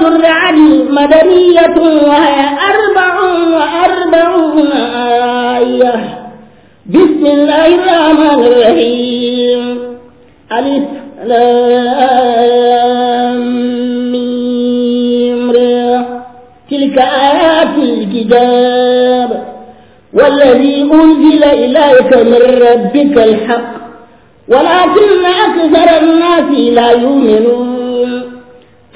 سورة الرعد مدنية وهي أربع وأربعون آية بسم الله الرحمن الرحيم ألف لام تلك آيات الكتاب والذي أنزل إليك من ربك الحق ولكن أكثر الناس لا يؤمنون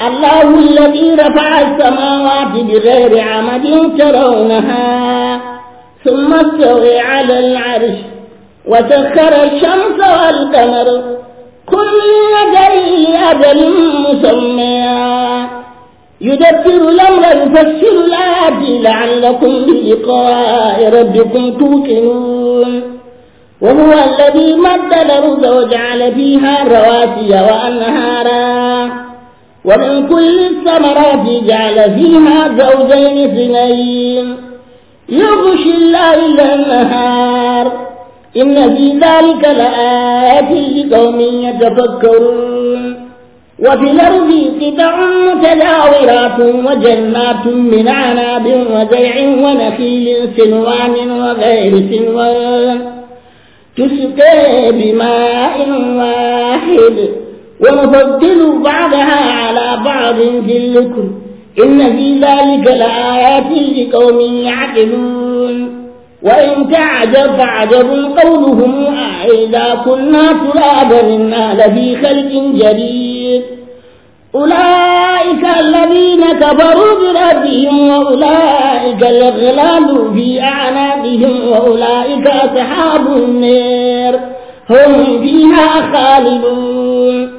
الله الذي رفع السماوات بغير عمد ترونها ثم استوي على العرش وسخر الشمس والقمر كل يجري لأجل مسمى يدبر الأمر يفسر الآيات لعلكم بلقاء ربكم توقنون وهو الذي مد الأرض وجعل فيها رواسي وأنهارا ومن كل الثمرات جعل فيها زوجين اثنين يغشي الليل النهار إن في ذلك لآيات لقوم يتفكرون وفي الأرض قطع متجاورات وجنات من عناب وزيع ونخيل سنوان وغير سنوان تسقى بماء واحد ونفضل بعدها على أنزلكم إن في ذلك لآيات لقوم يعقلون وإن تعجب فعجب قولهم أإذا كنا ترابا إنا لفي خلق جديد أولئك الذين كفروا بربهم وأولئك الأغلال في أعناقهم وأولئك أصحاب النار هم فيها خالدون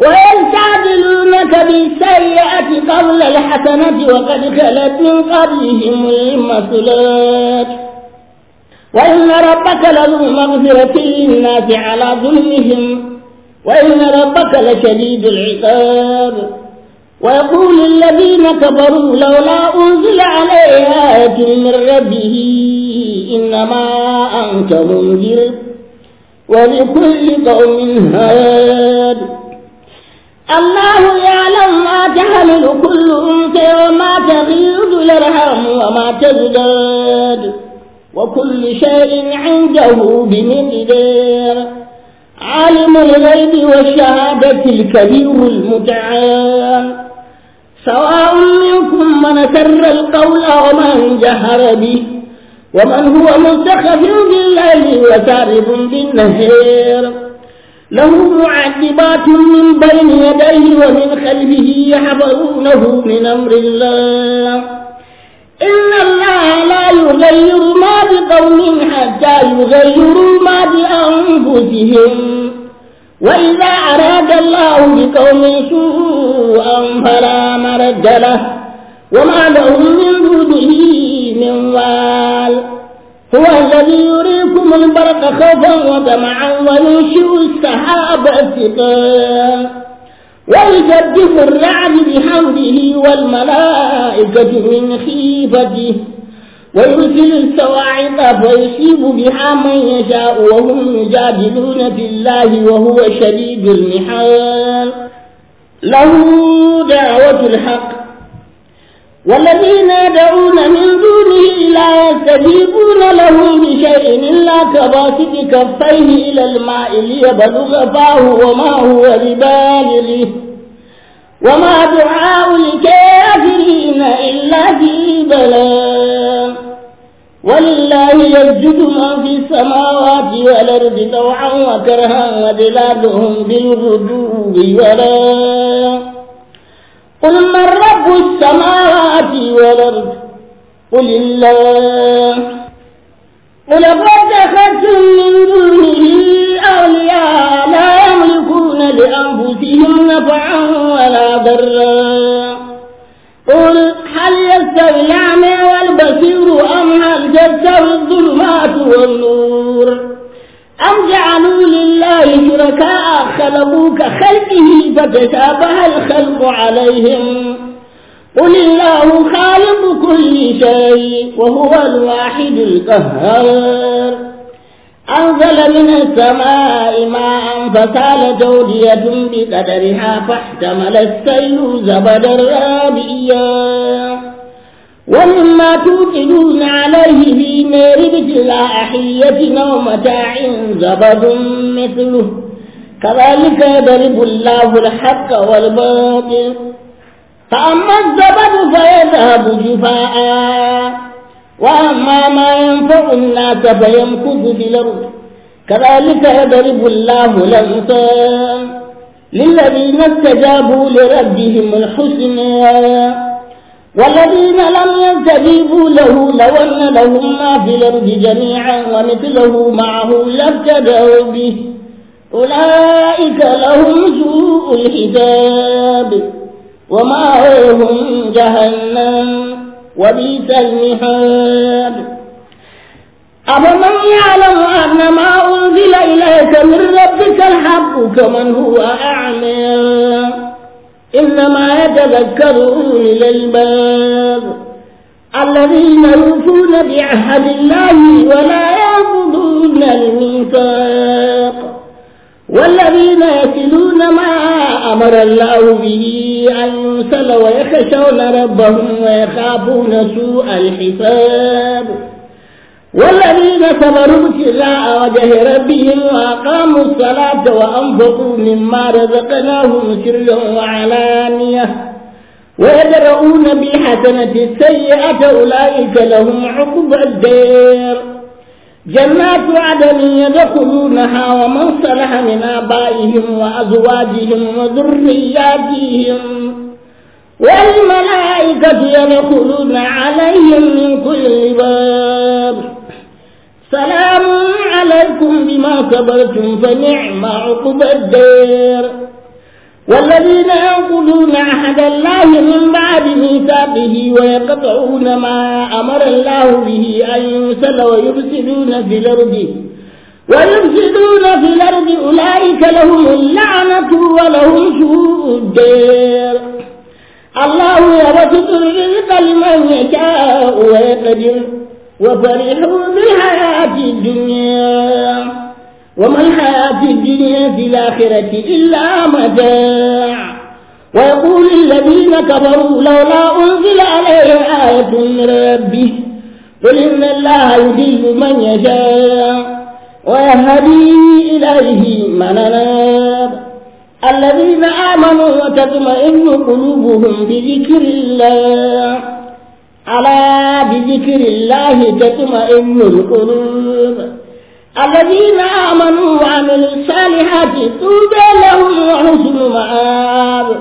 ويستعجلونك بالسيئة قبل الحسنة وقد خلت من قبلهم المثلات وإن ربك لذو مغفرة للناس على ظلمهم وإن ربك لشديد العقاب ويقول الذين كفروا لولا أنزل عليه آية من ربه إنما أنت منذر ولكل قوم هاد الله يعلم ما تحمل كل أنثى وما تغيض الأرحام وما تزداد وكل شيء عنده بمقدار عالم الغيب والشهادة الكبير المتعال سواء منكم من سر القول ومن جهر به ومن هو مستخف بالليل وسارب بالنهار له معلمات من بين يديه ومن خلفه يحفظونه من أمر الله إن الله لا يغير ما بقوم حتى يغيروا ما بأنفسهم وإذا أراد الله بقوم سوءا فلا مرد له وما لهم من دونه من وال هو الذي يريد يرمي البرق خوفا ودمعا وينشئ السحاب الثقال ويجدف الرعد بحوله والملائكة من خيفته ويرسل السواعق فيصيب بها من يشاء وهم يجادلون في الله وهو شديد المحال له دعوة الحق والذين يدعون من دونه لا يستجيبون لهم بشيء إلا كباسط كفيه إلى الماء ليبلغ فاه وما هو ببالغه وما دعاء الكافرين إلا في بلاء ولله يسجد من في السماوات والأرض طوعا وكرها وظلالهم بالغدو ولا قل من رب السماوات والأرض قل الله قل اتخذتم من دونه أولياء لا يملكون لأنفسهم نفعا ولا ضرا قل هل يستوي الأعمى والبصير أم هل تستوي الظلمات والنور أم جعلوا الله شركاء خلقوا كخلقه فتشابه الخلق عليهم قل الله خالق كل شيء وهو الواحد القهار أنزل من السماء ماء فسالت أودية بقدرها فاحتمل السيل زبدا رابيا ومما توقدون عليه في نار الأحية أو ومتاع زبد مثله كذلك يضرب الله الحق والباطل فأما الزبد فيذهب جفاء وأما ما ينفع الناس فيمكث في الأرض كذلك يضرب الله الأمثال للذين استجابوا لربهم الحسنى والذين لم يستجيبوا له لو أن لهم ما في الأرض جميعا ومثله معه لابتدعوا به أولئك لهم سوء الحساب هم جهنم وبئس المحاب أفمن يعلم أن ما أنزل إليك من ربك الحق كمن هو أعمى إنما تذكروا أولي الباب الذين يوفون بعهد الله ولا يعبدون الميثاق والذين يصلون ما أمر الله به أن يوصل ويخشون ربهم ويخافون سوء الحساب والذين صبروا ابتغاء وجه ربهم وأقاموا الصلاة وأنفقوا مما رزقناهم سرا وعلانية ويدرؤون بالحسنة السيئة أولئك لهم عقب الدير جنات عدن يدخلونها ومن صلح من آبائهم وأزواجهم وذرياتهم والملائكة يدخلون عليهم من كل باب سلام عليكم بما كبرتم فنعم عقب الدير والذين يقولون عهد الله من بعد ميثاقه ويقطعون ما أمر الله به أن يرسل ويفسدون في الأرض ويفسدون في الأرض أولئك لهم اللعنة ولهم سوء الدير الله يبسط الرزق لمن يشاء ويقدر وفرحوا بالحياة الدنيا وما الحياة الدنيا في الآخرة إلا متاع ويقول الذين كفروا لولا أنزل عليه آية من ربه قل إن الله يضل من يشاء ويهدي إليه من أناب الذين آمنوا وتطمئن قلوبهم بذكر الله على بذكر الله تطمئن القلوب الذين آمنوا وعملوا الصالحات طوبى لهم وحسن مآب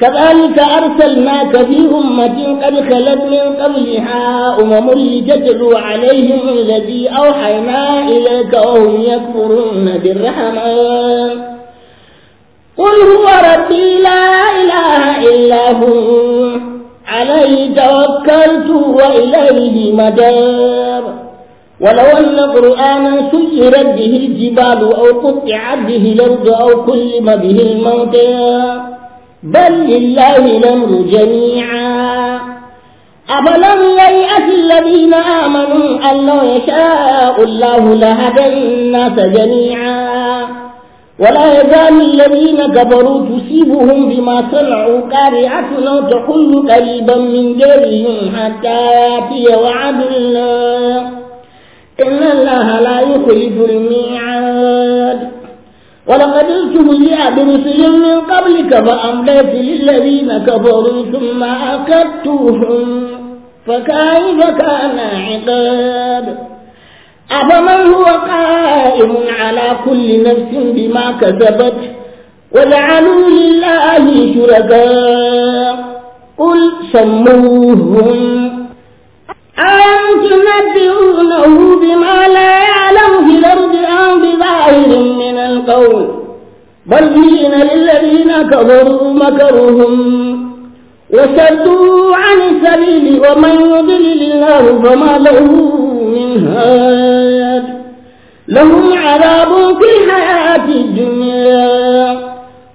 كذلك أرسلناك في أمة قد خلت من قبلها أمم لتتلو عليهم الذي أوحينا إليك وهم يكفرون بالرحمن قل هو ربي لا إله إلا هو عليه توكلت وإليه مدار ولو أن قرآنا سيرت به الجبال أو قطعت به الأرض أو كلم به الموتى بل لله الأمر جميعا أفلم ييأس الذين آمنوا أن لو يشاء الله لهدى الناس جميعا ولا يزال الذين كفروا تصيبهم بما صنعوا قارعة أو تحل قريبا من دارهم حتى يأتي وعد الله إن الله لا يخلف الميعاد ولقد استهزئ برسل من قبلك فأمليت للذين كفروا ثم أكدتهم فكيف كان عقاب أفمن هو قائم على كل نفس بما كسبت وجعلوا لله شركاء قل سموهم بل دين للذين كفروا مكرهم وشدوا عن السبيل ومن يضلل الله فما له من هاد لهم عذاب في الحياة الدنيا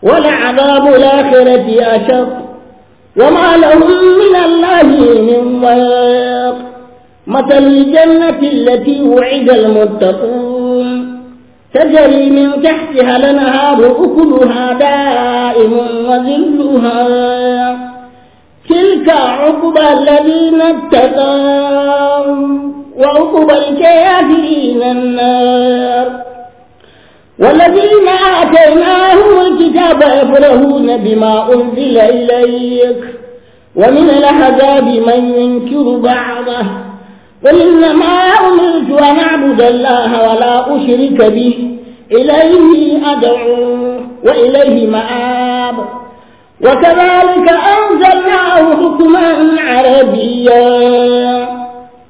ولعذاب الآخرة أشق وما لهم من الله من ضيق مثل الجنة التي وعد المتقون تجري من تحتها لنهار أكلها دائم وذلها تلك عقبى الذين اتقوا وعقبى الكافرين النار والذين آتيناهم الكتاب يفرحون بما أنزل إليك ومن الأحزاب من ينكر بعضه قل إنما أمرت أن أعبد الله ولا أشرك به إليه أدعو وإليه مآب وكذلك أنزلناه حكما عربيا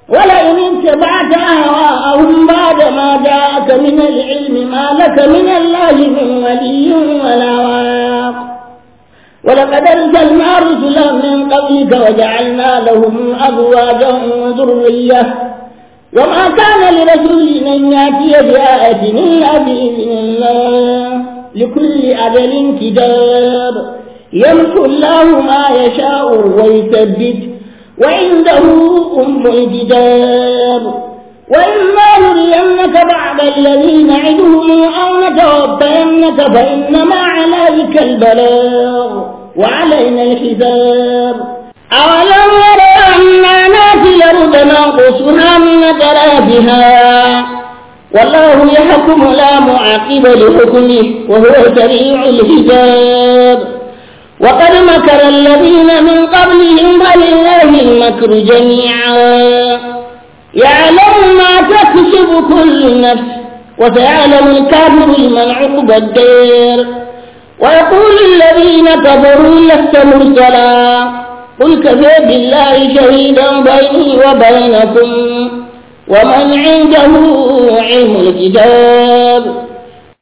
ولئن اتبعت أهواءهم بعد ما جاءك من العلم ما لك من الله من ولي ولا واق ولقد انزلنا رسلا من قبلك وجعلنا لهم أزواجا ذرية وما كان لرسول أن يأتي بآية إلا بإذن الله لكل أجل كتاب يمحو الله ما يشاء ويثبت وعنده أم الكتاب وإما نرينك بعد الذين نعدهم أو نتوفينك فإنما عليك البلاغ وعلينا الحساب أولم يروا أنا في الأرض ننقصها من أطرافها والله يحكم لا معاقب لحكمه وهو سريع الحساب وقد مكر الذين من قبلهم ولله المكر جميعا يعلم ما تكسب كل نفس وسيعلم الكافر لمن عقب الدير ويقول الذين كفروا لست مرسلا قل كفى بالله شهيدا بيني وبينكم ومن عنده علم الكتاب